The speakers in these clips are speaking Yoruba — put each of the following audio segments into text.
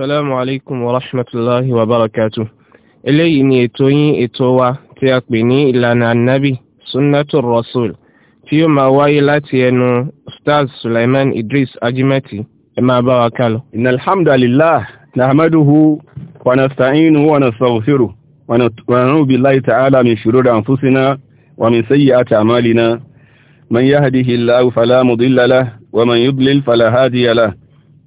Assalamu alaikum wa rahmatullahi wa barakatuh. Eléyìí ni ètò yín ètò wa tí a pè ní ìlànà annabi Sunnatul Rasul tí yóò máa wáyé láti ẹnu Ustaz Sulaiman Idris Ajimati. Ẹ máa bá wa kálọ. Innal hamdalillah nahmaduhu wa nasta'inuhu wa nastaghfiruh wa na'udhu billahi ta'ala min shururi anfusina wa min sayyiati a'malina. Man yahdihillahu fala mudilla wa man yudlil fala hadiya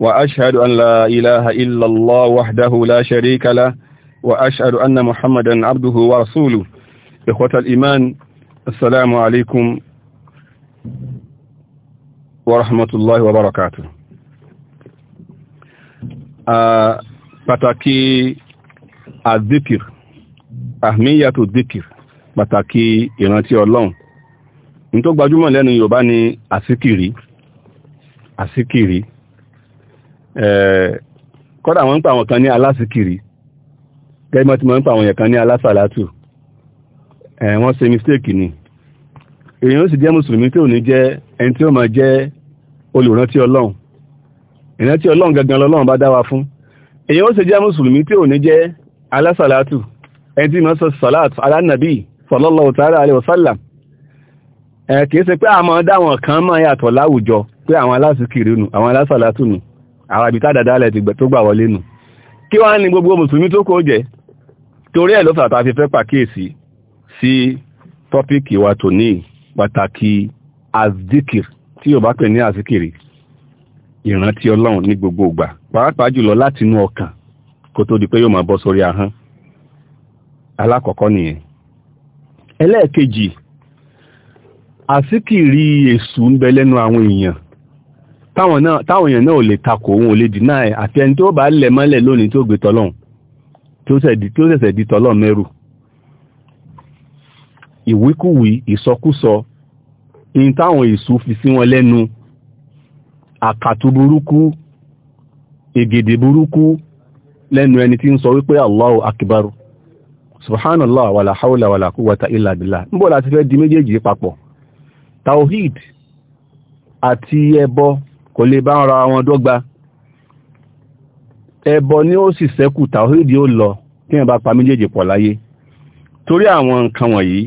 وأشهد أن لا إله إلا الله وحده لا شريك له وأشهد أن محمدا عبده ورسوله إخوة الإيمان السلام عليكم ورحمة الله وبركاته pàtàkì الذكر àmìyàtò الذكر pàtàkì ìrántí الله ní tó gbajúmọ̀ lẹ́nu Yorùbá ni àsíkìrí àsíkìrí kọ́dà wọ́n ń pa àwọn kan ní alásìkiri gẹ́gbọ́n tí wọ́n ń pa àwọn kan ní alásàlátù wọ́n se mistake ni èyàn ó sì jẹ́ mùsùlùmí tí ò ní jẹ́ ẹni tí ó máa jẹ́ olùrántí ọlọ́run ìrántí ọlọ́run gangan lọ́lọ́run fún èyàn ó sì jẹ́ mùsùlùmí tí ò ní jẹ́ alásàlátù ẹni tí wọ́n sọ alánàbí kìí pé dáwọn pé àwọn àwọn ibi tádàdálẹ̀ ti tó gbà wọlé nù kí wá ní gbogbo mùsùlùmí tó kó jẹ torí ẹ̀ ló fàtà fi fẹ́ pàkíyèsí sí tọ́píkì wa tò ní pàtàkì azikir tí yóò bá pè ní azikiri ìrántí ọlọ́run ní gbogbo ìgbà pàápàá jùlọ láti inú ọkàn kó tó di pé yóò máa bọ́ sórí ahọ́n alákọ̀ọ́kọ́ nìyẹn ẹlẹ́ẹ̀kejì azikiri èṣù ń bẹ lẹ́nu àwọn èèyàn táwọn èèyàn náà ò lè takò òun ò lè dínà ẹ̀ àti ẹni tó bá lẹ̀ mọ́lẹ̀ lónìí tó gbé tọ́lọ́run tó ṣẹ̀ṣẹ̀ di tọ́lọ́run mẹ́rù ìwíkúwí ìsọkúsọ in táwọn ìsú fi sí wọn lẹ́nu àkàtú burúkú ègèdè burúkú ẹni tí ń sọ wípé Allahu akibaru subhanallah wàlà haúlà wàlà illa billah níbo láti fẹ́ di méjèèjì papọ̀ tawhid kò lè bá ara wọn dọ́gba ẹbọ ni ó sì sẹ́kù tàwídìí ó lọ kí ẹ bá pa méjèèjì pọ̀ láyé torí àwọn nǹkan wọ̀nyí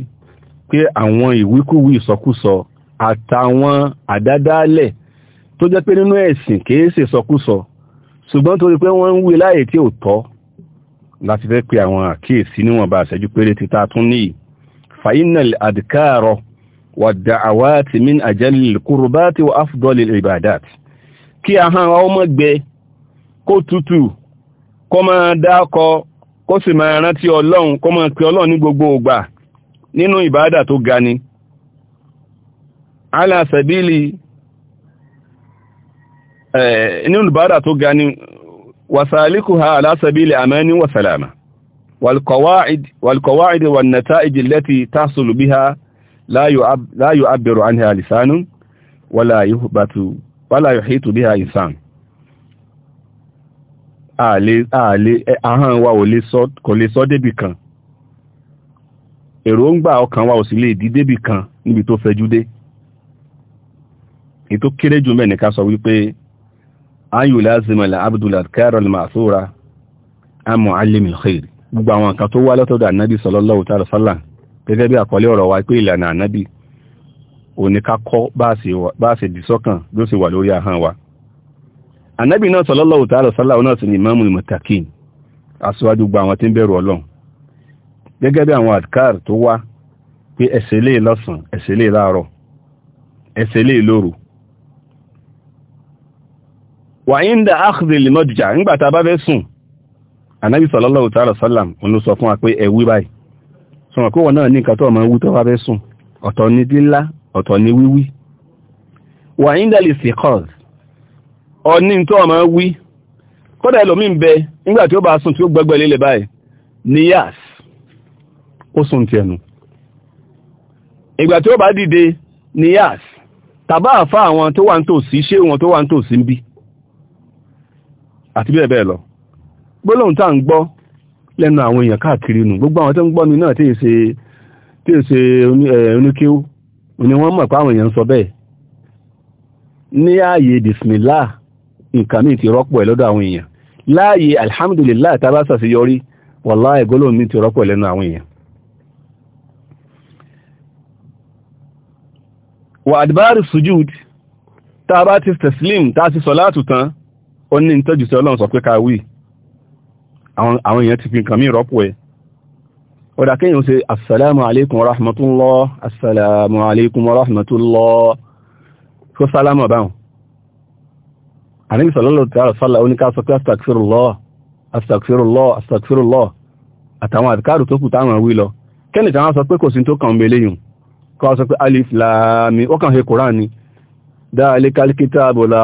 pé àwọn ìwíkúwí ìsọkúsọ àtàwọn àdádálẹ̀ tó jẹ́ pé nínú ẹ̀sìn kìí ṣe sọkúsọ ṣùgbọ́n torí pé wọ́n ń wí láyè tí ò tọ́ láti fẹ́ pé àwọn àkíyèsí níwọ̀nba àṣẹjú péré ti ta tún níyì fainal adkaro wàdàáwàtí min àjẹ́lì kúrùbáti wa afdọ́lì ìbàdàt kí ahọ́n ọmọ gbẹ kó tútù kó máa dákọ kó sì máa rántí ọlọ́run kó máa pè ọlọ́run ní gbogbo ògbà nínú ìbàdà tó ga ni aláṣẹ̀bílì nínú ìbàdà tó ga ni wasalikuha aláṣẹ̀bílì àmẹ́ni wasalama والقواعد والقواعد والنتائج التي تحصل بها la yu'abbiru anha lisanun wala yuhbatu wala yuhitu biha insan ààlé ààlé ahọ́n wa ò lè sọ kò lè sọ débì kan èròǹgbà ọkàn wa ò sì lè dí débì kan níbi tó fẹjú dé ètò kéré jù mẹ́ni ká sọ wípé ayò lázimọ̀lá abdullad carol masura amu alimil khair gbogbo àwọn nǹkan tó wá lọ́tọ̀dọ̀ ànábì sallallahu ta'ala sallam gẹ́gẹ́ bí àkọlé ọ̀rọ̀ wa pé ìlànà ànábì oníkákọ́ bá ṣe dìsọ́kàn bí ó wà lórí wa ànábì náà sallallahu ta'ala sallahu náà sì imamul muttaqin aṣíwájú gba àwọn tí ń bẹ̀rù ọlọ́run gẹ́gẹ́ bí àwọn tó wá pé lè lọ́sàn lè láàárọ̀ lè lóru wà ń da lè nígbà tá a bá fẹ́ sùn fún wa pé sọ̀rọ̀ kó wọ́n náà ní nǹkan tó ọmọ wú tó wá fẹ́ sùn ọ̀tọ̀ ni lílá ọ̀tọ̀ ni wíwí wà índẹ̀lì sikọ́s ọní tó ọmọ wí kódà ẹlòmí ń bẹ nígbà tí ó bá sùn tí ó gbẹ́gbẹ́ lélẹ̀ báyìí ní yas ó sùn ti ẹnu ìgbà tí ó bá dìde ní yas tàbá àfá àwọn tó wà ń tòsí ṣé wọn tó wà ń tòsí ń bí àti bẹ́ẹ̀ bẹ́ẹ̀ lọ gbólóhùn tá à ń gbọ́ lẹ́nu àwọn èèyàn káàkiri nù gbogbo àwọn tó ń gbọ́nu náà tí è ṣe oníkéwú ni wọ́n mọ̀ pé àwọn èèyàn ń sọ bẹ́ẹ̀ ní ààyè bisimilá nǹkan míì ti rọ́pò ẹ̀ lọ́dọ̀ àwọn èèyàn láàyè alhamdulillah tàbá sàṣeyọrí wàlá ẹ̀gọ́lò mi ti rọ́pò ẹ̀ lẹ́nu àwọn èèyàn wà àdìbárì sujúd tàbá ti tẹ̀sílìm tá a ti sọ látùtàn ó ní ìtọ́jú sí ọlọ́run sọ pé ká wí àwọn èèyàn ti fi nǹkan mí rọ́pò ẹ̀ ọ̀dà kéèyàn ṣe assalamu alaikum rahmatullah assalamu alaikum rahmatullah tó sálámù àbáhùn àníbi sọ̀lọ́lọ́ tí a sọ́lá oníká sọ pé astagfirullah astagfirullah astagfirullah àtàwọn àdìkáàrù tó kù táwọn wí lọ kẹ́nì kan sọ pé kò sí tó kàn ń belé yùn kọ́ sọ pé alif láàmì ó kàn dáa lé kálíkítà àbòlà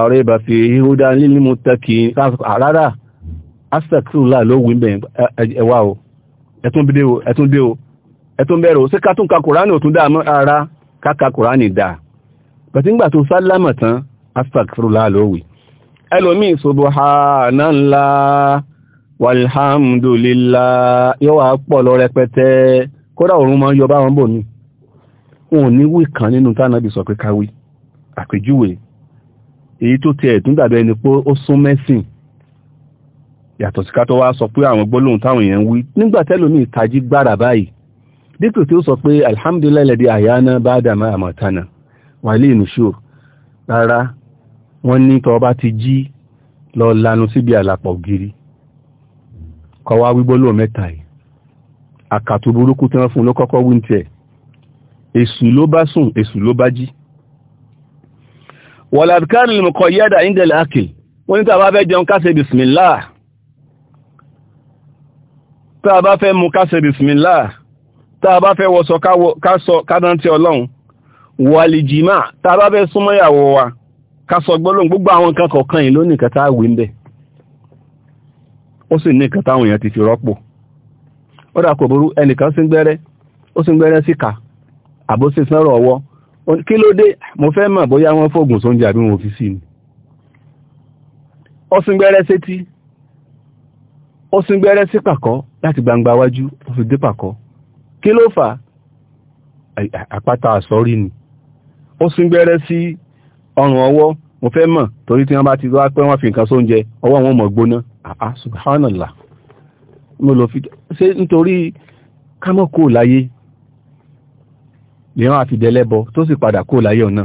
rárá astagfirullah ló wí bẹ́ẹ̀ ẹwà o ẹtún dé o ẹtún dé o ẹtún bẹ̀rẹ̀ o ṣé ká tún ka kùránì ò dáa mọ́ ara ká ka kùránì dáa bẹ̀tí ń gbà tó sálámọ̀ tán astagfirullah ló wí ẹlòmíì subhanallah walhamdulillah yóò wá pọ̀ lọ rẹpẹtẹ kódà òun máa ń yọ báwọn bò ní òun ní wí kan nínú tánàbí sọ pé káwí àpèjúwe èyí tó tiẹ̀ tún dàbí ẹni pé ó sún mẹ́sìn yàtọ̀ sí ká tó wá sọ pé àwọn gbólóhùn táwọn èèyàn ń wí nígbà tẹ́lòmíì tají gbára báyìí dípò tí ó sọ pé alhamdulilayi lẹ́dí àyáná bá dàmà àmọ̀tánà wàlẹ́ ìnùṣò rárá wọ́n ní tọ́ bá ti jí lọ lanu síbi àlàpọ̀ ògiri kọ́ wá wí gbólóhùn mẹ́ta yìí àkàtò burúkú tí wọ́n fún ló kọ́kọ́ wí tiẹ̀ èṣù ló bá sùn èṣù ló bá jí wàlàbíkánì lè mọ̀kọ́ yẹ́dà ìndẹ̀lẹ̀ fẹ́ jẹun ká ṣe bismillah tá a bá fẹ́ mú ká ṣe bìsìmìlá tá a bá fẹ́ wọṣọ ká sọ kádàntí ọlọ́run wàlìjìmá tá a bá fẹ́ súnmọ́ ìyàwó wa ká sọ gbọ́lọ́n gbogbo àwọn nǹkan kọ̀ọ̀kan yìí ló ní nǹkan tá a wí ń bẹ̀ ó sì ní nǹkan táwọn èèyàn ti fi rọ́pò ó dà kò burú ẹnìkan sí gbẹ́rẹ́ ó sì gbẹ́rẹ́ síkà àbó sì sánrọ̀ ọwọ́ kí ló dé mo fẹ́ mọ̀ bóyá wọ́n fóògùn sóúnjẹ àbí wọn fi sí ni ó sì gbẹ́rẹ́ sétí ó sì gbẹ́rẹ́ sí pàkọ́ láti gbangba wájú ó fi dé pàkọ́ kí ló fà àpáta àsọ́rí ni ó sín gbẹ́rẹ́ sí ọrùn ọwọ́ mo fẹ́ mọ̀ torí tí wọ́n bá ti wá pẹ́ wọ́n fi nǹkan sóúnjẹ ọwọ́ wọn mọ̀ gbóná àá subhanallah mo lọ fi ṣe nítorí kámọ́ kó láyé lèyàn àti dẹlẹ́bọ tó sì padà kó láyé ọ̀nà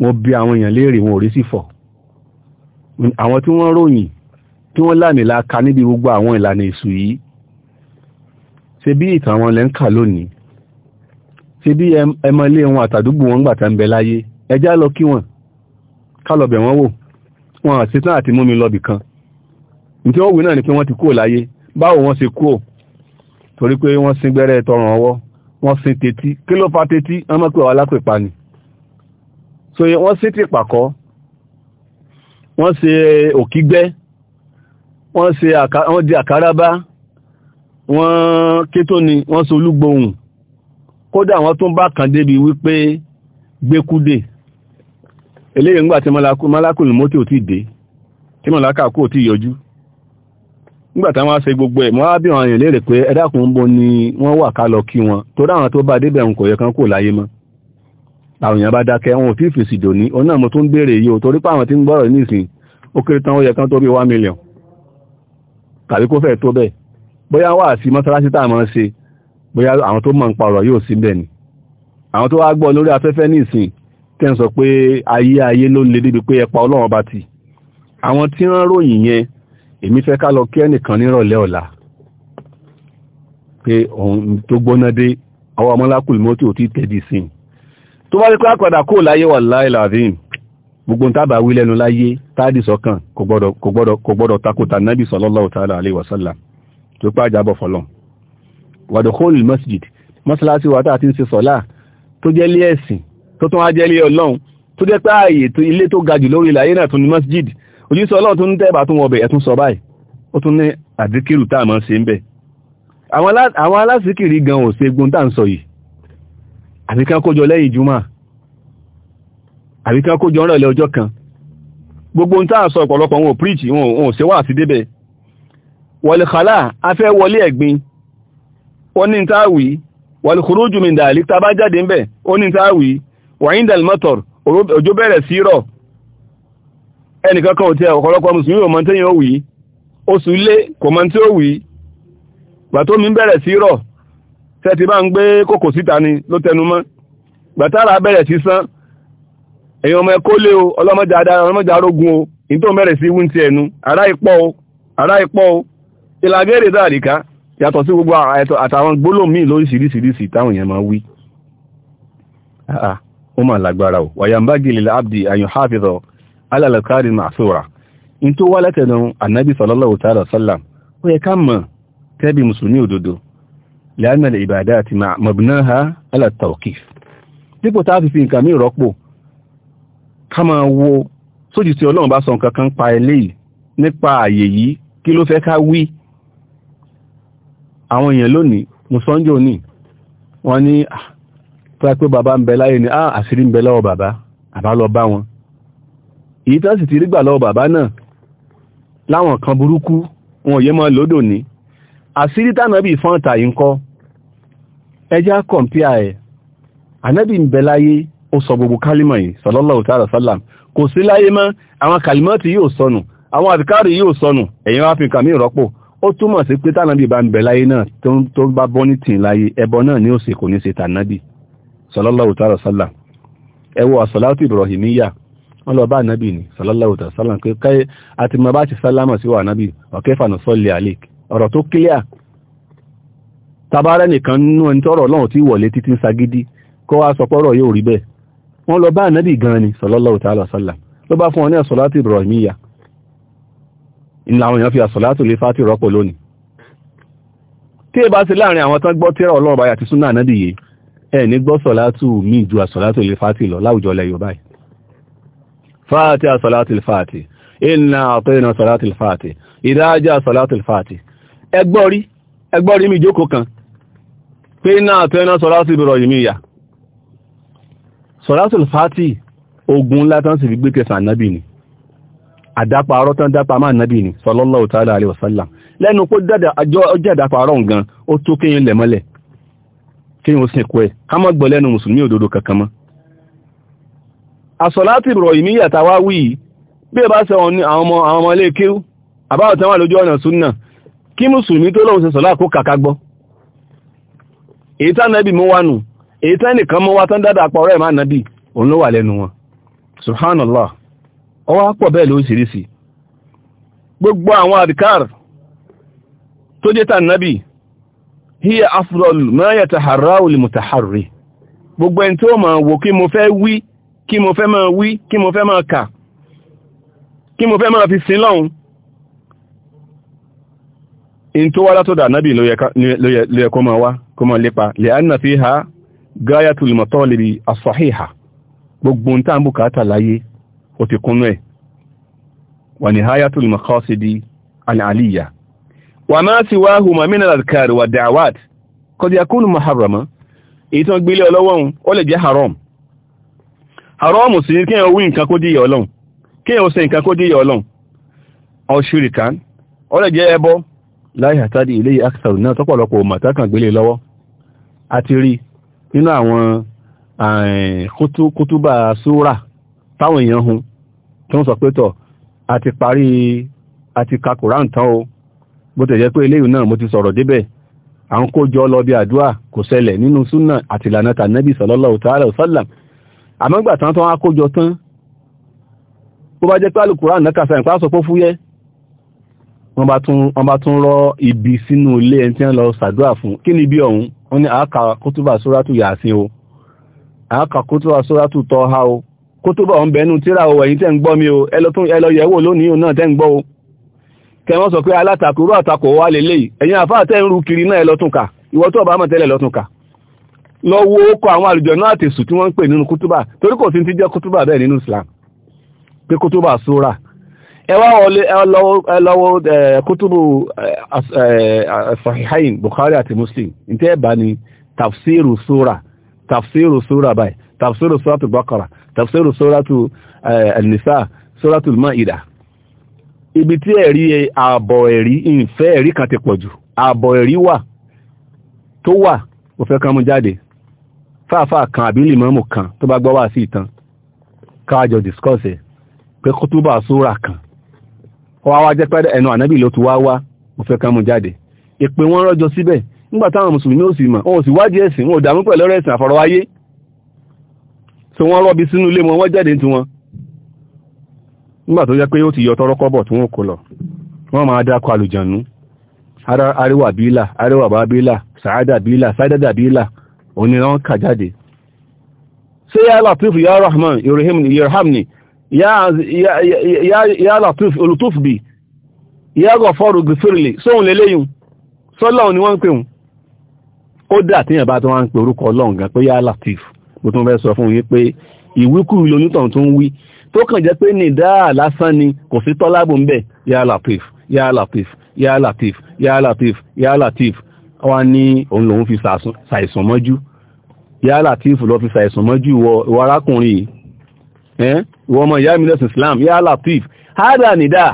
mo bi àwọn èèyàn léèrè wọn ò rí sí fọ̀ àwọn tí wọ́n ròyìn tí wọ́n lánìlá ka níbi gbogbo àwọn ìlànà èṣù yìí ṣe bí ìtàn wọn lẹ ń kà lónìí ṣe bí ẹmọlé wọn àtàdúgbò wọn gbàtà ń bẹ láyé ẹjá lọ kí wọn ká lọ bẹ̀ wọ́n wò wọn àti tán àti mú mi lọ bìkan nítí ó wí náà ni pé wọ́n ti kúrò láyé báwo wọ́n ṣe kúrò torí pé wọ́n sin gbẹ́rẹ́ tọrùn ọwọ́ wọ́n sin tetí kí ló fa tetí wọ́n mọ̀ pé wà lápèpa ni so wọ́n sin ti pàkọ́ wọ́n ṣe òkígbẹ́ wọ́n ṣe wọ́n di àkàrábá wọ́n kétó ni wọ́n ṣe olúgbohùn kódà wọ́n tún bá kàn débi wípé gbékúdè eléyìí ńgbà tí malakul mọ́tí ò ti dé tí malaka kú ò ti yọjú nígbà táwọn aṣe gbogbo ẹ̀ wọ́n á bí àwọn èèyàn léèrè pé ẹ dákun bó ni wọ́n wà ká lọ kí wọn tó dáwọn tó bá débẹ̀ ń kò yẹ kan kò láyé mọ́ àwọn èèyàn bá dákẹ́ wọn ò tí fèsì dòní òun náà mo tún béèrè yìí ò torí pé àwọn tí ń gbọ́rọ̀ nísìn ó kéré tán ó yẹ kan tó bí 1 million tàbí kó fẹ́ tó bẹ́ẹ̀ bóyá wà sí mọ́sálásí tá a máa ṣe bóyá àwọn tó mọ̀ ń pa yóò sí bẹ́ẹ̀ ni àwọn tó wá gbọ́ lórí afẹ́fẹ́ ní ìsìn tẹ́ ń sọ pé ayé ayé ló le débi pé ẹpa ọlọ́run bá ti àwọn tí wọ́n ròyìn yẹn èmi fẹ́ ká lọ kí ẹnìkan nírọ̀lẹ́ ọ̀la pé ohun tó gbóná dé ọwọ́ ọmọlákùnrin mọ́tò tí tẹ̀dí sí tó bá rí pé àkọ́dà kò láyé wà láìláàdín gbogbo tábà wí lẹ́nu láyé táàdì sọ́kàn kò gbọ́dọ̀ kò gbọ́dọ̀ kò gbọ́dọ̀ takòtà nábì sallallahu ta'ala alaihi tó pá àjábọ̀ fọlọ́n wàdókòlù masjid mọ́sálásí wa táà ti ń ṣe sọ́lá tó jẹ́ lé ẹ̀sìn tó tún wá jẹ́ lé ọlọ́run tó jẹ́ pé ilé tó ga lórí ilẹ̀ ayé náà tún ní masjid ojúṣe ọlọ́run tó ń tẹ́bà tún wọbẹ̀ ẹ̀tún sọ báyìí ó tún ní àdíkìrù táà máa ń ṣe ń bẹ̀ àbí kí wọ́n kó jọ ń rẹ̀lẹ̀ ọjọ́ kan gbogbo ń táà sọ ọ̀pọ̀lọpọ̀ wọn ò píríìtì wọn ò ṣe wà sí débẹ̀ wọlékàlá afẹ́ wọlé ẹ̀gbin wọ́n ní táàwì wọlékòrójú mi dàlí tábá jáde ń bẹ̀ ó ní táàwì wọ̀nyí dalmọ́tọ̀r òjò bẹ̀rẹ̀ sí rọ̀ ẹnìkankan ò tẹ ọ̀pọ̀lọpọ̀ mùsùlùmí ò mọ̀ tẹ́yìn ó wì oṣù lé kò mọ̀ tí ó wì gbàtómi bẹ̀rẹ̀ sí rọ̀ tẹ́ ti bá ń gbé kòkò ẹ̀yin ọmọ ẹ̀kọ́ lé o ọlọ́mọdé adá ọlọ́mọdé arógun o ní tó mẹ́rẹ̀ sí wúntì ẹnu ará ipọ́ o ará ipọ́ o ìlàgẹ́rẹ̀ dáàríká yàtọ̀ sí gbogbo àtàwọn gbólóhùn míì lóríṣiríṣiríṣi táwọn èèyàn máa wí ó mà lágbára o wàyàmbá gilil abdi ayun hafiz alalakari masora in tó wá látẹnu anabi sallallahu ta'ala sallam ó yẹ ká mọ̀ tẹ́bi mùsùlùmí òdodo lẹ́yìn ìbàdà àti mabnaha ala tawqif dípò tá a fi fi nǹkan mí rọ́pò ká máa wo sójì tí ọlọ́run bá sọ nǹkan kan pa eléyìí nípa àyè yìí kí ló fẹ́ ká wí àwọn èèyàn lónìí mùsọ́njò ní wọ́n ní fẹ́ pé bàbá ń bẹ láyé ni àṣírí ń bẹ lọ́wọ́ bàbá àbá lọ bá wọn èyí tán sì ti rí gbà lọ́wọ́ bàbá náà láwọn kan burúkú wọn yé mọ́ lódò ní àṣírí tánàbì fọ́ntà yìí ń kọ́ ẹjá kọ̀m̀píà ẹ̀ ànábì ń bẹ láyé ó sọ gbogbo kálímà yìí sallallahu ta'ala sallam kò sí láyé mọ́ àwọn kálímọ́tì yóò sọnù àwọn àdìkárì yóò sọnù ẹ̀yìn wá fi kàmí ìrọ́pò ó túmọ̀ sí pé tànàbì bá ń bẹ láyé náà tó bá bọ́ ní tìǹ láyé ẹbọ náà ní òsè kò ní ṣe tànàbì sallallahu ta'ala sallam ẹ wo àsọ̀láwùtì Ibrahimiyya wọ́n lọ bá nábì ta'ala sallam pé káyé àti mọ̀ bá ti sálámà sí wà nábì ọ̀kẹ́fà nà sọ́ọ̀lì àlèk ọ̀rọ̀ tó kílíà tabarẹ́ nìkan yóò rí bẹ́ẹ̀ wọ́n lọ bá ànábì gan ni sallallahu ta'ala sallam ló bá fún wọn ní àsọ̀látù ibrahimiyya ìlàwọn èèyàn fi àsọ̀látù lè fàtí rọ́pò lónìí tí ẹ bá sí láàrin àwọn tán gbọ́ tírà ọlọ́run báyà ti súnà ànábì yìí ẹ ní gbọ́ sọ̀látù mí ju àsọ̀látù lè fàtí lọ láwùjọ lẹ yorùbá yìí fàtí àsọ̀látù lè sọ̀rọ̀sọ̀lù fàtí ogun ńlá tán sì fi gbé kẹsàn ànábì ni àdápa arọ́ tán dápa máa nábì ni sallallahu ta'ala alaihi wasallam lẹ́nu kó jẹ́ àdápa arọ́ nǹkan ó tó kéyìn lẹ̀mọ́lẹ̀ kéyìn ó sìnkú ẹ̀ ká mọ́ gbọ́ lẹ́nu mùsùlùmí òdodo kankan mọ́ àsọ̀láti rọ̀ ìmí yàtàwá wí bí ẹ bá sẹ àwọn ọmọ ilé kéwú àbáwọ̀ èyí tán nìkan mọ́ wá tán dáadáa pa ọ̀rẹ́ ìmá nàbí òun ló wà lẹ́nu wọn subhanallah ọwá pọ̀ bẹ́ẹ̀ gbogbo àwọn adikar tó jẹ́ hiya afdal ma yataharrau gbogbo ẹni tó máa wò kí mo fẹ́ wí kí mo fẹ́ máa wí fi sin lọ́hun in tó wá látọ̀dà ló gayatul matalibi as-sahiha gbogbo ń tàn bùkátà láyé ó ti kúnnú ẹ̀ wà ní hayatul maqasidi al-aliyya wà máa ti wá hùmà min al-adhkar wà da'awat qad yakunu muharrama èyí tán gbílé ọlọ́wọ́n ó lè jẹ́ haram haram sí ní kí ẹ̀ wí nǹkan kó díyẹ ọlọ́run kí ẹ̀ ṣe nǹkan kó díyẹ ọlọ́run ọ̀ṣùrìkán ó lè jẹ́ ẹbọ láì àtàdì ilé akthar náà tọ́pọ̀lọpọ̀ màtákàn gbélé lọ́wọ́ àti rí nínú àwọn eh, kútúbà súrà táwọn èèyàn hun tó ń sọ pé tọ̀ àti parí àti ka Kùránì tán o bó tẹ̀ jẹ́ pé eléyìí náà mo ti sọ̀rọ̀ débẹ̀ àwọn kójọ lọ bí àdúrà kò ṣẹlẹ̀ nínú súnà àti ìlànà tànẹ́bì sallallahu ta'ala wa sallam àmọ́gbà tán tán á kójọ tán tó bá jẹ́ pé alùkùrá náà kàṣà ìpá sọ pé fúyẹ́ wọ́n bá tún rọ ibi sínú ilé ẹni tí wọ́n lọ ṣàdúrà fún kí ni ibi ọ̀hún a ní àákà kótóbà sóràtù yàsín o àákà kótóbà sóràtù tọ́ha o kótóbà ọ̀n bẹnu tíra o ẹ̀yìn tẹ́ ń gbọ́ mi o ẹlọ yẹ̀wò lónìí o náà tẹ́ ń gbọ́ o kẹwọ́n sọ pé àtakò wà lélẹ̀ àfáà tẹ́ ń kiri náà ẹlọ́tún tó ọba lọ́tún lọ wo àwọn àlùjọ náà àtẹ̀sù tí wọ́n ń pè nínú kótóbà torí kò sí Islam pé kótóbà ẹwà ọlọ́wọ́ kútùbù sahihain bukhari àti muslim ǹtẹ́ ẹ̀bá ni tafsiru sura tafsiru sura báyìí tafsiru suratu bakara tafsiru suratu nisa suratu maida ibi tí ẹ̀rí ààbọ̀ ẹ̀rí ìfẹ́ ẹ̀rí kan ti pọ̀jù ààbọ̀ ẹ̀rí wà tó wà ó fẹ́ kan mú jáde fáàfáà kan àbí lìmọ́mù kan tó bá gbọ́ wà sí ìtàn káàjọ discourse pé kútùbà sura kan ọwá wá jẹ́ ẹnu ànábì ló ti wá wá òfẹ́ kan mú jáde ìpè wọn rọ́jọ síbẹ̀ nígbà táwọn mùsùlùmí ò sì mọ̀ wọn sì ẹ̀sìn ò pẹ̀lú ẹ̀sìn àfọ̀rọ̀wáyé so wọ́n rọ́bi sínú ilé wọn wọ́n jáde ní tiwọn pé ó ti yọ tọrọ kọ́bọ̀ tí wọ́n kò lọ wọ́n máa dákọ àlùjànú arẹwà bílà àríwá sàádà ya ya ya latif olùtúf bí ya gọ̀fọ́rù gẹ̀fẹ́rìlì sóhun lélẹ́yìn sọ́lọ́hun ni wọ́n ń pè hùn ó dà tí yẹn bá tó wá ń pè orúkọ ọlọ́run gan pé ya latif bó tún fẹ́ sọ fún yín pé ìwíkú lónítàn tó ń wí tó kàn jẹ́ pé ní dáa lásán ni kò sí tọ́lábù ń bẹ̀ ya latif ya latif ya latif ya latif ya latif wá ní òun lòun fi ṣàìsàn mọ́jú ya latif lọ fi ṣàìsàn mọ́jú Eh? ìwọ ọmọ ìyá mi lẹ́sìn Islam yá Latif hádà nìdá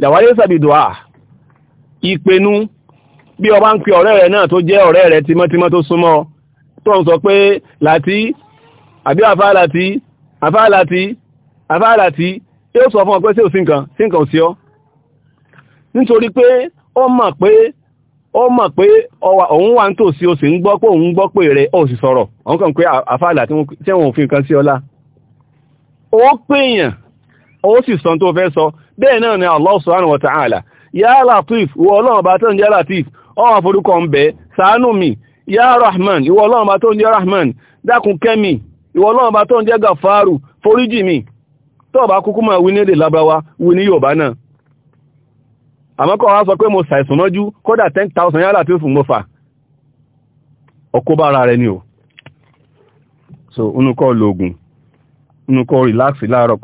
làwáyé sàbí dùá ìpinnu bí ọba ń pe ọ̀rẹ́ rẹ̀ náà tó jẹ́ ọ̀rẹ́ rẹ̀ tímọ́tímọ́ tó súnmọ́ tó ń sọ pé láti àbí àfáàlàtí àfáàlàtí àfáàlàtí yóò sọ fún ọ pé sí òsì nǹkan sí nǹkan sí ọ nítorí pé ó mọ̀ pé o mọ̀ pé o wà nítòsí o o sì ń gbọ́ pé òun o pé rẹ̀ o sì sọ̀rọ̀ òun kàn pé àfáàlà tí wọ́n fi nǹkan sí ọlá ó pèèyàn ó sì sọ tó fẹ́ sọ bẹ́ẹ̀ náà ni Allah subhanahu wa ta'ala ya Latif ìwọ ọlọ́run tó ń jẹ́ Latif ọwọ́ àforúkọ ń bẹ ṣàánú mi ya Rahman ìwọ ọlọ́run tó ń jẹ́ Rahman dákun kẹ́mi ìwọ Gafaru foríjì mi tó bá kúkú máa wí ní èdè wí sọ pé mo mọ́jú kódà thousand ọkọ́ o so inú kọ́ rìláàsì láàárọ̀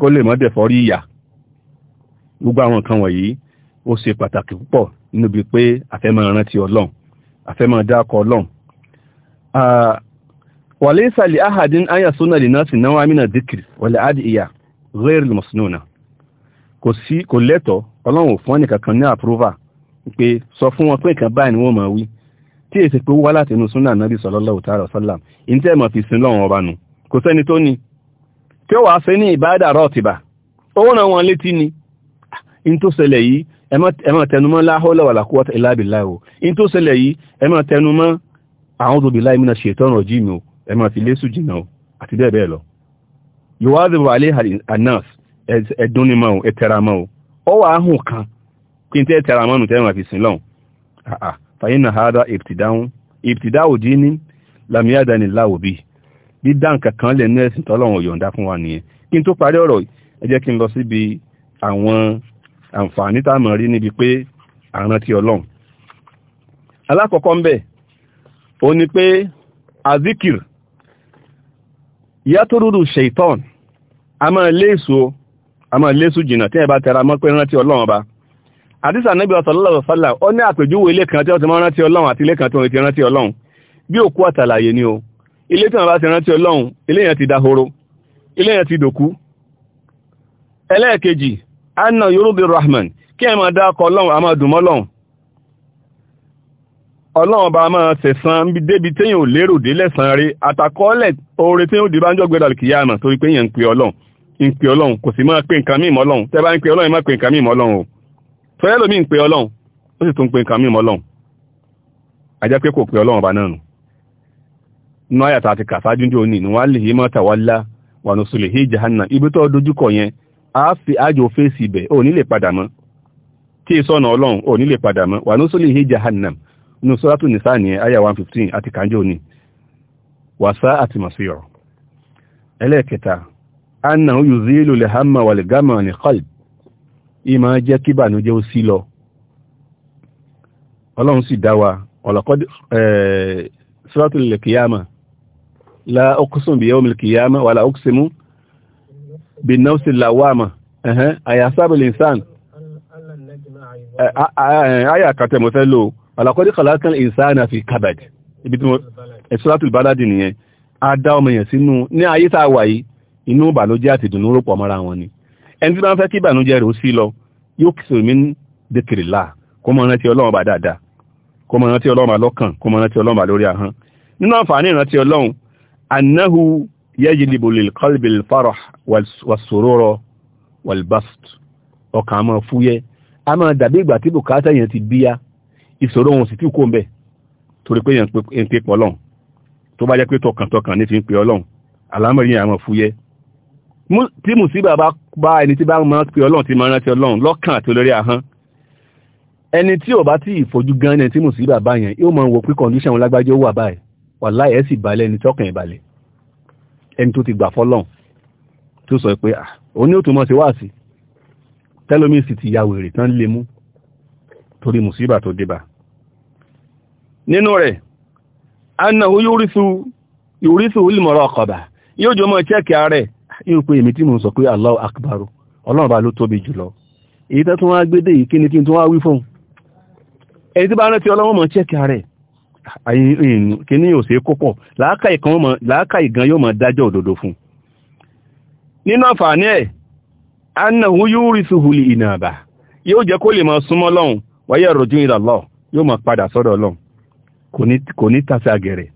kó lè mọ́ dẹ̀fọ́ rí ìyà gbogbo àwọn nǹkan wọ̀nyí ó ṣe pàtàkì púpọ̀ nínú bí pé àfẹ́mọ̀ rántí ọlọ́run àfẹ́mọ̀ dákọ̀ ọlọ́run wà lè sàlẹ̀ ahàdín ayà súnà lè náà sì náwó amínà dìkìrì wàlẹ̀ àdì ìyà rẹ́rì mọ̀sánúnà kò sí kò lẹ́tọ̀ ọlọ́run ni wọ́n máa wí tí èsì pé wá láti inú súnà nàbì sallallahu ta'ala sallam ìntẹ́ mọ̀ fi sin lọ́wọ́n ọba nù kò sẹ́ni tó ní tí ó wà ṣe ní ìbádà rọ́ọ̀tìbà ó rán wọn létí ni in tó ṣẹlẹ̀ yìí ẹ má tẹnumọ́ la hawla wala quwwata illa billah o in tó ṣẹlẹ̀ yìí ẹ má tẹnumọ́ a'udhu billahi minash shaitani rajim o ẹ má fi lésù jìnà o àti bẹ́ẹ̀ bẹ́ẹ̀ lọ yuwadhibu alayha an-nas fàyínà hada ibtidáhùn ibtidáhùn ní lam yadani Allahu bihi dídá nǹkan kan lẹ̀ ní ẹ̀sìn tọ́lọ́run yọ̀ǹda fún wa nìyẹn kí n tó parí ọ̀rọ̀ ẹ jẹ́ kí n lọ síbi àwọn àǹfààní tá a mọ̀ rí níbi pé àrántí ọlọ́run alákọ̀ọ́kọ́ ń bẹ̀ ó ní pé azikir yàtòrúurú shaitan a máa léèsù a máa léèsù jìnnà tí ẹ bá tẹra mọ́ pé rántí ọlọ́run ọba àdísà níbi ọ̀sọ̀lọ́lọ́ sọ́là ó ní àpèjúwe ilé kan tí wọ́n ti máa rántí ọlọ́run àti ilé kan tí wọ́n ti rántí ọlọ́run bí òkú àtàlàyé ni o ilé tí wọ́n bá ti rántí ọlọ́run ilé yẹn ti dahoro ilé yẹn ti dòkú ẹlẹ́ẹ̀kejì anna yorùbá rahman kí ẹ máa dákọ ọlọ́run a máa dùnmọ́ ọlọ́run ọlọ́run bá máa sẹ̀san débi téèyàn ò lérò dé lẹ́sàn rí àtàkọ́ọ́lẹ̀ oore téèyàn ò dé bá ń jọ gbẹ́dọ̀ kìyàmà torí pé èèyàn ń pe ọlọ́run ń pe ọlọ́run kò sì máa pe nǹkan míì mọ́ tẹ́ bá ń pe ọlọ́run má pe nǹkan míì mọ́ o tọ́yẹ́ ń pe ọlọ́run ó sì tún pe nǹkan míì mọ́ àjẹ́ pé kò pe ọlọ́run ọba náà nù nú àyàtà àti kàfájú ní òní níwọ́n lè yí mọ́ta wá lá wà ní sùlẹ̀ hí jahanna ibi tó dojúkọ yẹn á fi ájò fèsì ibẹ̀ ò ní padà mọ́ tí ìsọ̀nà ọlọ́run ò ní padà mọ́ wà ní sùlẹ̀ hí jahanna nínú sọ́ràtù nìsá ní àyà 115 àti kànjẹ́ òní wàsá àti màsíyọ̀rọ̀ ẹlẹ́ẹ̀kẹta annahu yuzilu le hamma wal gama ni qalb ìmọ̀ jẹ́ kí bànújẹ́ ó sí lọ ọlọ́run sì dá wa ọ̀lọ́kọ́ sọ́ràtù lè kíyàmà لا أقسم bi yawmil qiyamah wala uqsimu bin nafsil lawwamah àyàsábì l'insan àyà kàtẹ́ mo fẹ́ lò alaqad khalaqnal insana fi kabad ibi tí mo suratul balad nìyẹn a dá ọmọ yẹn sínú ní ayé tá a wà yìí inú ìbànújẹ́ àti ìdùnnú rò pọ̀ mọ́ra wọn ni ẹni tí bá ń fẹ́ kí ìbànújẹ́ rẹ̀ ó sí lọ yóò kìí sòrò mí dèkìrìlá kó mọ rántí ọlọ́run bá dáadáa kó mọ rántí ọlọ́run bá lọ́kàn kó mọ rántí ọlọ́run bá lórí ahọ́n nínú àǹfààní ìrántí ọlọ́run أنه yajlibu lil الفرح والسرور والبسط was surura wal bast ọkàn máa fúyẹ́ a máa dàbí ìgbà tí bùkátà yẹn ti bíyá ìṣòro wọn sì tí kò ń bẹ̀ torí pé yẹn pé pọ̀ lọ́n tó bá jẹ́ pé tọkàntọkàn ní fi ń pè ọlọ́run alámọ̀rí yẹn àmọ̀ fúyẹ́ tí mùsíbà bá bá ẹni tí bá ń máa pè ọlọ́run tí máa rántí ọlọ́run lọ́kàn àti olórí ahọ́n ẹni tí ò bá tí ìfojú gan ẹni tí mùsíbà bá yẹn yóò máa wò pé kọ̀ǹdíṣàn lágbájọ́ wà báyìí wàláhì ẹ̀ sì balẹ̀ ẹni tọ́kàn ẹ̀ balẹ̀ ẹni tó ti gbà fọ́lọ́n tó sọ pé ah, ó ní òtún sí wáàsí tẹ́lómìn sì ti ya wèrè tán lè mú torí mùsíbà tó débà nínú rẹ̀ annahu yúrísù yúrísù ìlmọ̀rọ̀ ọkọ̀bà yóò jọ mọ́ chẹ́kì ààrẹ yóò pé èmi tí mo sọ pé Allahu akbar ọlọ́run bá ló tóbi jùlọ èyí tẹ́ tún wá gbédé yìí kí ni kí n tún wá wí fún ẹni tí bá rántí ọlọ́run mọ́ chẹ́kì ààrẹ Eh, kíní yóò ṣe kó pọ̀ láákà ìgan yóò mọ̀ dájọ́ òdodo fún nínú àǹfààní ẹ̀ annahu yurithuhu li inaba yóò jẹ́ kó lè máa súnmọ́ lọ́hun wáyé rojú ila Allah yóò máa padà sọ́dọ̀ lọ́hun kò ní tàṣà gẹ̀rẹ̀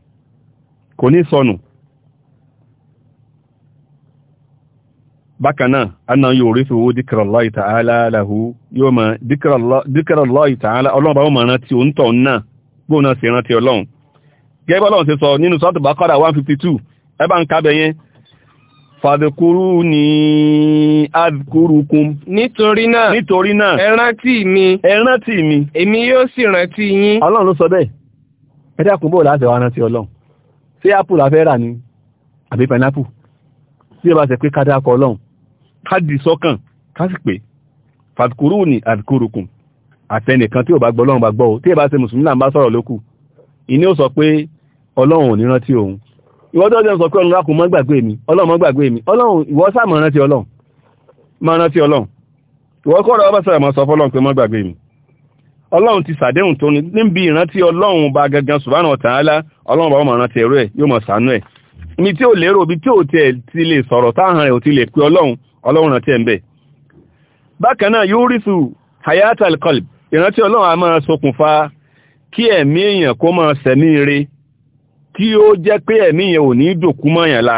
kò ní sọnù bákan náà anna yurithuhu dhikrallahi ta'ala lahu yóò máa dhikrallahi ta'ala ọlọ́ọ̀bá ó máa rántí òun tọ̀ náà gbóhùn náà sì rántí ọlọ́run gẹ́gẹ́ bọ́lọ́run ṣe sọ nínú sọ́ọ̀tù bákọ́dà 152 ẹ bá ń kábẹ̀ yẹn fàdùkúrú ní adùkúrúkún nítorí náà nítorí náà ẹ rántí mi ẹ rántí mi èmi yóò sì rántí yín ọlọ́run ló sọ bẹ́ẹ̀ ẹ dákun bó láti wá rántí ọlọ́run ṣé apple la fẹ́ rà ni àbí pineapple tí ẹ bá ṣe pé ká dákọ ọlọ́run ká dì sọ́kàn ká sì pé fàdùkúrú ní adùkúrúkún àtẹnìkan tí ò bá gbọ́ bá gbọ́ tí ẹ bá ṣe náà bá lókù iní sọ pé ọlọ́run ò ní rántí òun ìwọ tó sọ pé ọlọ́run lákùn mọ́ gbàgbé mi ọlọ́run mọ́ gbàgbé mi ọlọ́run rántí ọlọ́run rántí ọlọ́run kọ́ ọ̀rọ̀ mọ́ sọ fọlọ́run pé mi ọlọ́run ti sàdéhùn tó ní níbi ìrántí bá gangan bá mọ̀ hayat alkolb ìrántí ọlọ́run a máa ṣokùnfà kí ẹ̀mí èèyàn kó máa sẹ̀mí re kí ó jẹ́ pé ẹ̀mí yẹn ò ní dòkú mọ́yàn la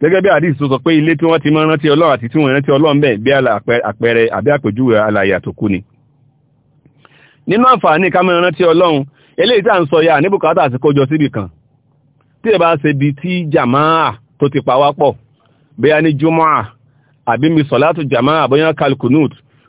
gẹ́gẹ́ bí àdìsí tó sọ pé ilé tí wọ́n ti máa rántí ọlọ́run àti tí wọ́n rántí ọlọ́run bẹ́ẹ̀ bí àpẹẹrẹ àbí àpèjúwe alàyà tó kú ni nínú àǹfààní ká máa rántí ọlọ́run eléyìí tá à ń sọ ya ní bùkátà àti kójọ síbì kan tí ẹ bá ṣe bí tí jàmáà tó ti pa wá pọ̀ bóyá ní jùmọ́à àbí mi sọ̀látù jàmáà bóyá kalkunut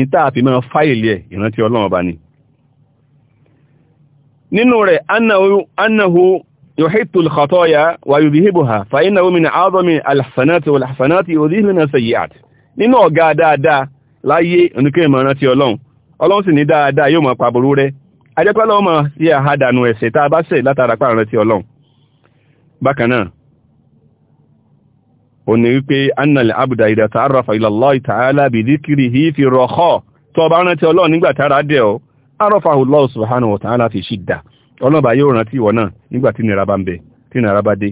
ìta àfi máa fáìlì ẹ̀ ìrántí ọlọ́run ọba ni nínú rẹ̀ annahu yuhittu al-khataya wa yudhibuha fa innahu min a'zami al-hasanati wal-hasanati yudhibu min as-sayyi'at nínú ọ̀gá dáadáa láyé oníkẹ́ ìmọ̀ rántí ọlọ́run ọlọ́run sì ní dáadáa yóò máa pa burú ó ní wípé annal abda idha ta'arrafa ila Allah ta'ala bi dhikrihi fi raha tó bá rántí Ọlọ́run nígbà tára dẹ̀ ọ́ arafahu Allah subhanahu wa ta'ala fi shidda Ọlọ́run bá yóò rántí ìwọ náà nígbà tí nira bá ń bẹ tí nira bá dé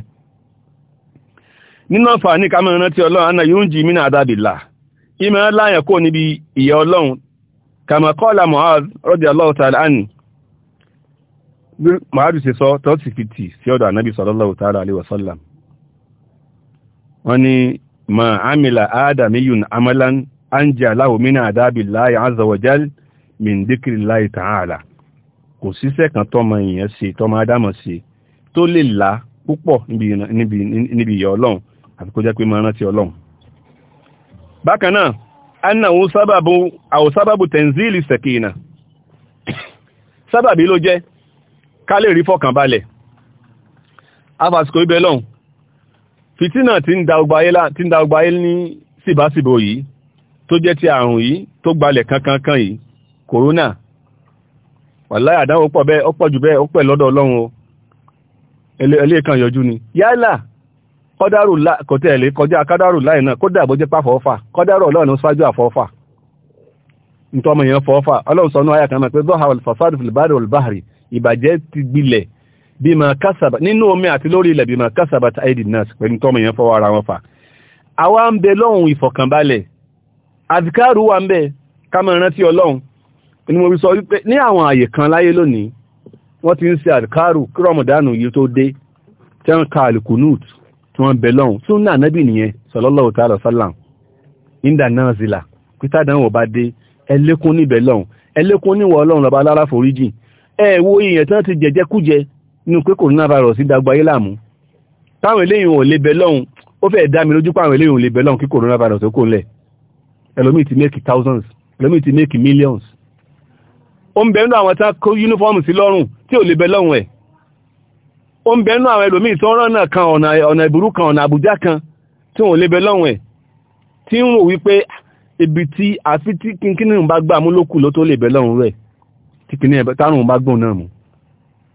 nínú àǹfààní ká máa rántí Ọlọ́run anna yunji min adabillah ìmọ̀ láyẹ̀ kó níbi ìyà Ọlọ́run kama qala ṣe sọ tó fi tì sí ọ̀dọ̀ ànábì sallallahu ta'ala alaihi wasallam wọ́n ní ma amila adamiyun amalan an jẹ́ aláwòmínà àdábì láyé azọ̀wọ̀jẹ́l min díkìrì láyé tààlà kò síṣẹ́ kan tọ́mọ èèyàn ṣe tọ́mọ adámọ̀ ṣe tó lè là púpọ̀ níbi ìyà ọlọ́run àti kó jẹ́ pé máa rántí ọlọ́run bákan náà anna òun sábàbù àwọn sábàbù tẹ̀nzílì sẹ̀kìnà sábàbí ló jẹ́ ká lè rí fọkànbalẹ̀ afàsìkò ibẹ̀ Fitina tí ń da ọgbà ayé ní síbáṣìbò yìí tó jẹ́ ti àrùn yìí tó gbalẹ̀ kankankan yìí kòrónà wàláhì àdánwò pọ̀ bẹ́ẹ̀ ọ̀pọ̀ jù bẹ́ẹ̀ ọ̀pẹ̀ lọ́dọ̀ ọlọ́run o ẹlẹ́ẹ̀kan yọjú ni yálà kọ́dárù kọ̀tẹ́ẹ̀lẹ́ kọjá kádárù láì náà kódà bó jẹ́ pàfọ́fà kọ́dárù ọlọ́run ṣáájú àfọ́fà ntọ́mọ yẹn fọ́fà ọlọ́run sọ filibari olùbáhari ìbàjẹ́ bima kasaba nínú omi àti lórí ilẹ̀ bima kasaba ta aidi nas pẹ̀lú tọ́mọ èèyàn fọwọ́ ara wọn fà àwa ń bẹ lọ́hùn ìfọ̀kànbalẹ̀ àdìkáàrù wa ń bẹ kámọ̀ rántí ọlọ́hun ni mo fi sọ wípé ní àwọn àyè kan láyé lónìí wọ́n ti ń ṣe àdìkáàrù kí rọmọdánù yìí tó dé tí wọ́n ka alukunut tí wọ́n bẹ lọ́hùn tún náà nábì nìyẹn sallallahu ta'ala sallam inda nazila pété àdánwò bá dé ẹlẹ́kún níbẹ̀ lọ́hùn ẹlẹ́kún níwọ̀ ọlọ́run lọ́ba alára foríjì ẹ̀ wo ti jẹjẹ kújẹ nínú pé corona virus dàgbà ayé láàmú táwọn eléyìn ò lè bẹ lọ́hùn ó fẹ́ dá mi lójú páwọn eléyìn ò lè bẹ lọ́hùn kí corona ó kò lẹ̀ ẹlòmíì ti make thousands ẹlòmíì ti make millions ó ń bẹ nínú àwọn tán kó uniform sí lọ́rùn tí ò lè bẹ lọ́hùn ẹ̀ ó ń bẹ nínú àwọn ẹlòmíì tó rán náà kan ọ̀nà ìbúrú kan ọ̀nà àbújá kan tí wọn ò lè bẹ lọ́hùn ẹ̀ tí ń rò wípé ibi tí àfi tí kínkínní bá gbà mú lókù ló tó lè bẹ lọ́hùn rẹ̀ tí kìnnìyàn bá tárùn bá gbọ̀n náà mú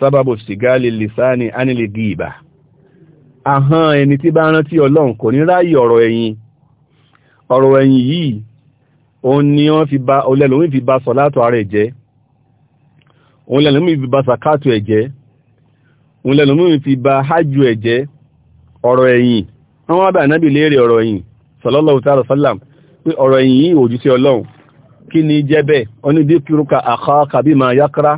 sábàbò ṣìgáàlì lìsáàni ánìlè gíìbà ahọ́n ẹni tí bá rántí ọlọ́run kò ní ráyè ọ̀rọ̀ ẹ̀yìn ọ̀rọ̀ ẹ̀yìn yìí òun ni wọ́n fi ba olẹ́lòmí fi ba sọ látọ̀ ara ẹ̀jẹ́ òun lẹ́lòmí fi ba sàkátù ẹ̀jẹ́ òun lẹ́lòmí fi ba hájù ẹ̀jẹ́ ọ̀rọ̀ ẹ̀yìn wọ́n wá bá ànábì léèrè ọ̀rọ̀ ẹ̀yìn sallallahu ta'ala sallam pé ọ̀rọ̀ ẹ̀yìn yìí òjúṣe ọlọ́run kí ni jẹ́ bẹ́ẹ̀ onídìkúrúkà àkọ́ kàbí máa yákárá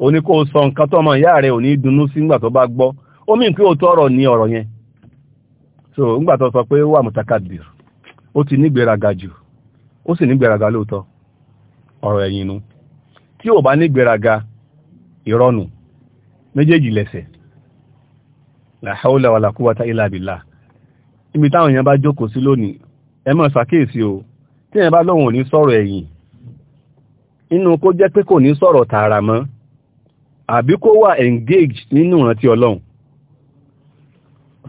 o ní kó sọ nǹkan tó ọmọ ìyá rẹ̀ ò ní dunnú sí ńgbà tó bá gbọ́ ó mì tọrọ ní ọ̀rọ̀ yẹn so ńgbà tó sọ pé ó wà mutakabir ó ti nigberaga jù ó sì nigberaga lóòótọ́ ọ̀rọ̀ ẹ̀yìn ki tí ò bá nígbéraga ìrọ́nù méjèèjì lẹ́sẹ̀ la hawla ibi táwọn èèyàn bá jókòó sí lónìí ẹ o inú kó jẹ́ àbí kó wà engaged nínú ìrántí ọlọ́run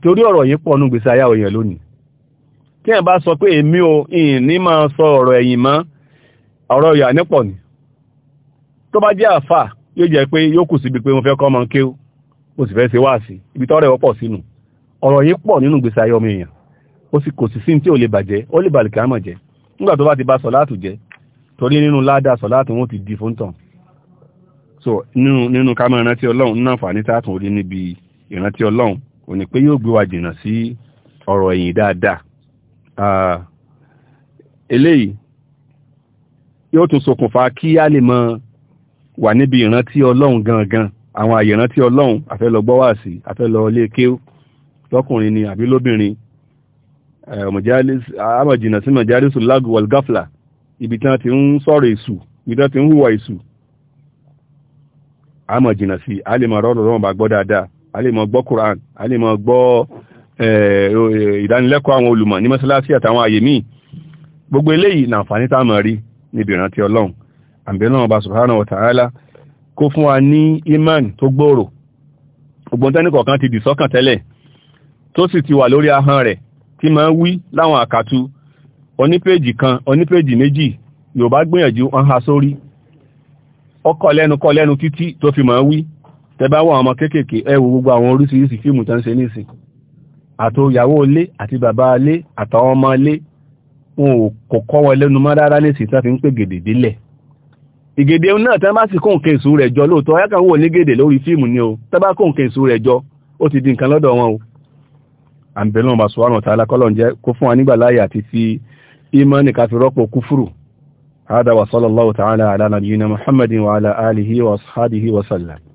torí ọ̀rọ̀ yìí pọ̀ nú gbèsè ayá òyìn lónìí tí ẹ̀ bá sọ pé èmi o ìyìn ní máa sọ ọ̀rọ̀ ẹ̀yìn mọ́ ọ̀rọ̀ ìyà nípọ̀ ni tó bá jẹ́ àfà yóò jẹ́ pé yóò kù síbi pé mo fẹ́ kọ́ ọmọ kéw mo sì fẹ́ ṣe wá sí ibi tọ́rẹ̀ wọ́pọ̀ sínú ọ̀rọ̀ yìí pọ̀ nínú gbèsè ayé èèyàn ó sì kò sí sí tí ò lè bàjẹ́ ó lè bàlìkà mọ̀ jẹ́ nígbà tó bá ti bá sọ láàtù jẹ́ torí nínú ládàá sọ láàtù wọn ti di fóńtàn so nínú ká máa rántí ọlọ́run nínú àǹfààní tààtùn orí níbi ìrántí ọlọ́run ò ní pé yóò gbé wa jìnnà sí ọ̀rọ̀ ẹ̀yìn dáadáa eléyìí yóò tún ṣokùnfà kí a lè mọ wà níbi ìrántí ọlọ́run gangan àwọn àyè ìrántí ọlọ́run àfẹ́lọ gbọ́wà sí àfẹ́lọ ilé kéw lọ́kùnrin ni àbí lóbìnrin àmọ̀jìnà sí mọ̀jálẹ́sù lágùwọ̀l gáflà ibi tí wọ́n ti ń sọ̀rọ̀ èṣù ibi tí wọ́n ti ń hùwà èṣù a jìnà sí a lè mọ̀ rọ́rùn rọ́rùn bá gbọ́ dáadáa a lè mọ̀ gbọ́ Quran a lè mọ̀ gbọ́ ìdánilẹ́kọ̀ọ́ àwọn olùmọ̀ ní mọ́sálásí àtàwọn àyè gbogbo eléyìí na a rí níbi ìrántí ọlọ́run iman tó gbòòrò ti dì sọ́kàn tẹ́lẹ̀ tó ti wà lórí ahọ́n rẹ̀ tí máa ń wí láwọn àkàtú kan méjì yóò bá gbìyànjú ọ̀hán ọkọ̀ lẹ́nu kọ́ lẹ́nu títí tó fi máa wí tẹ́bá wọ àwọn ọmọ kéékèèké ẹ wo gbogbo àwọn oríṣiríṣi fíìmù tó ń ṣe nísìn àtò ìyàwó ilé àti bàbá ilé àtàwọn ọmọ ilé wọn ò kò kọ́ wọn lẹ́nu mọ́ rárá nísìn tó fi ń pè gèdè délẹ̀ ìgèdè náà tẹ́ bá sì kó rẹ̀ jọ lóòótọ́ ẹ wò ní gèdè lórí fíìmù ni o tẹ́ bá kó rẹ̀ jọ ó ti di nǹkan lọ́dọ̀ wọn o àǹbẹ̀lọ́n bá sọ àrùn tààlà kọ́lọ̀ ń jẹ́ kó fún wa nígbà láàyè àti fi ìmọ̀ nìkan fi rọ́pò kúfùrù هذا وصلى الله تعالى على نبينا محمد وعلى آله وأصحابه وسلم